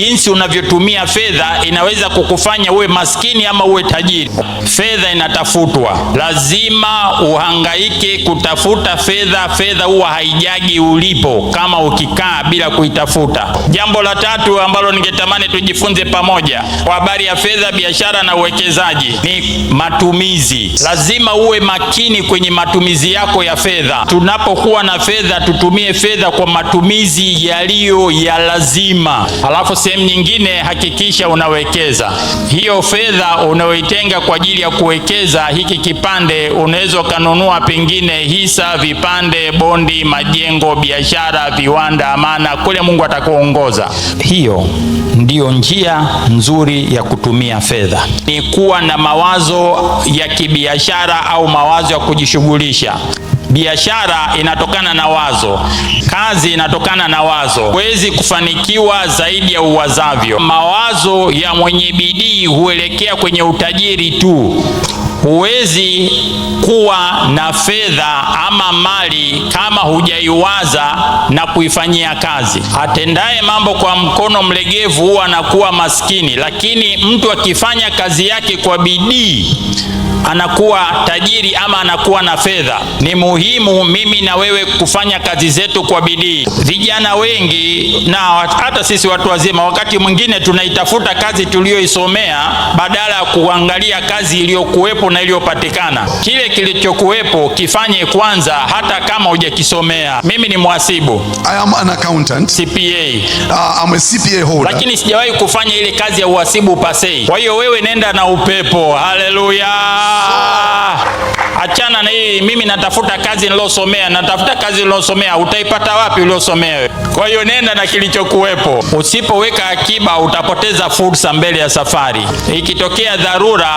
jinsi unavyotumia fedha inaweza kukufanya uwe maskini ama uwe tajiri. Fedha inatafutwa, lazima uhangaike kutafuta fedha. Fedha huwa haijagi ulipo kama ukikaa bila kuitafuta. Jambo la tatu ambalo ningetamani tujifunze pamoja kwa habari ya fedha, biashara na uwekezaji ni matumizi. Lazima uwe makini kwenye matumizi yako ya fedha. Tunapokuwa na fedha, tutumie fedha kwa matumizi yaliyo ya lazima, si sehemu nyingine, hakikisha unawekeza hiyo fedha unayoitenga kwa ajili ya kuwekeza hiki kipande. Unaweza ukanunua pengine hisa, vipande, bondi, majengo, biashara, viwanda, maana kule Mungu atakuongoza. Hiyo ndiyo njia nzuri ya kutumia fedha, ni kuwa na mawazo ya kibiashara au mawazo ya kujishughulisha. Biashara inatokana na wazo, kazi inatokana na wazo. Huwezi kufanikiwa zaidi ya uwazavyo. Mawazo ya mwenye bidii huelekea kwenye utajiri tu. Huwezi kuwa na fedha ama mali kama hujaiwaza na kuifanyia kazi. Atendaye mambo kwa mkono mlegevu huwa anakuwa maskini, lakini mtu akifanya kazi yake kwa bidii anakuwa tajiri ama anakuwa na fedha. Ni muhimu mimi na wewe kufanya kazi zetu kwa bidii. Vijana wengi na hata sisi watu wazima, wakati mwingine tunaitafuta kazi tuliyoisomea badala ya kuangalia kazi iliyokuwepo na iliyopatikana. Kile kilichokuwepo kifanye kwanza, hata kama hujakisomea. Mimi ni mhasibu, I am an accountant, CPA. Uh, I'm a CPA holder, lakini sijawahi kufanya ile kazi ya uhasibu pasei. Kwa hiyo wewe nenda na upepo. Haleluya! ah. Achana na hii, mimi natafuta kazi nilosomea, natafuta kazi nilosomea. Utaipata wapi uliosomea wewe? Kwa hiyo nenda na kilichokuwepo. Usipoweka akiba, utapoteza fursa mbele ya safari. Ikitokea dharura,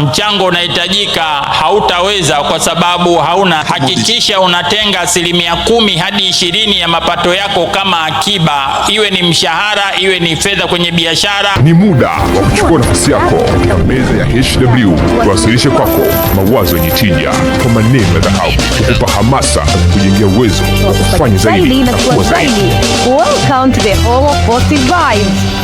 mchango unahitajika, hautaweza kwa sababu hauna. Hakikisha unatenga asilimia kumi hadi ishirini ya mapato yako kama akiba, iwe ni mshahara, iwe ni fedha kwenye biashara. Ni muda wa kuchukua nafasi yako. Meza ya HW tuwasilishe kwako mawazo yenye tija kukuletea kwa maneno ya dhahabu, kukupa hamasa, kujengea uwezo wa kufanya zaidi na kuwa zaidi. Welcome to the Hall of Positive Vibes.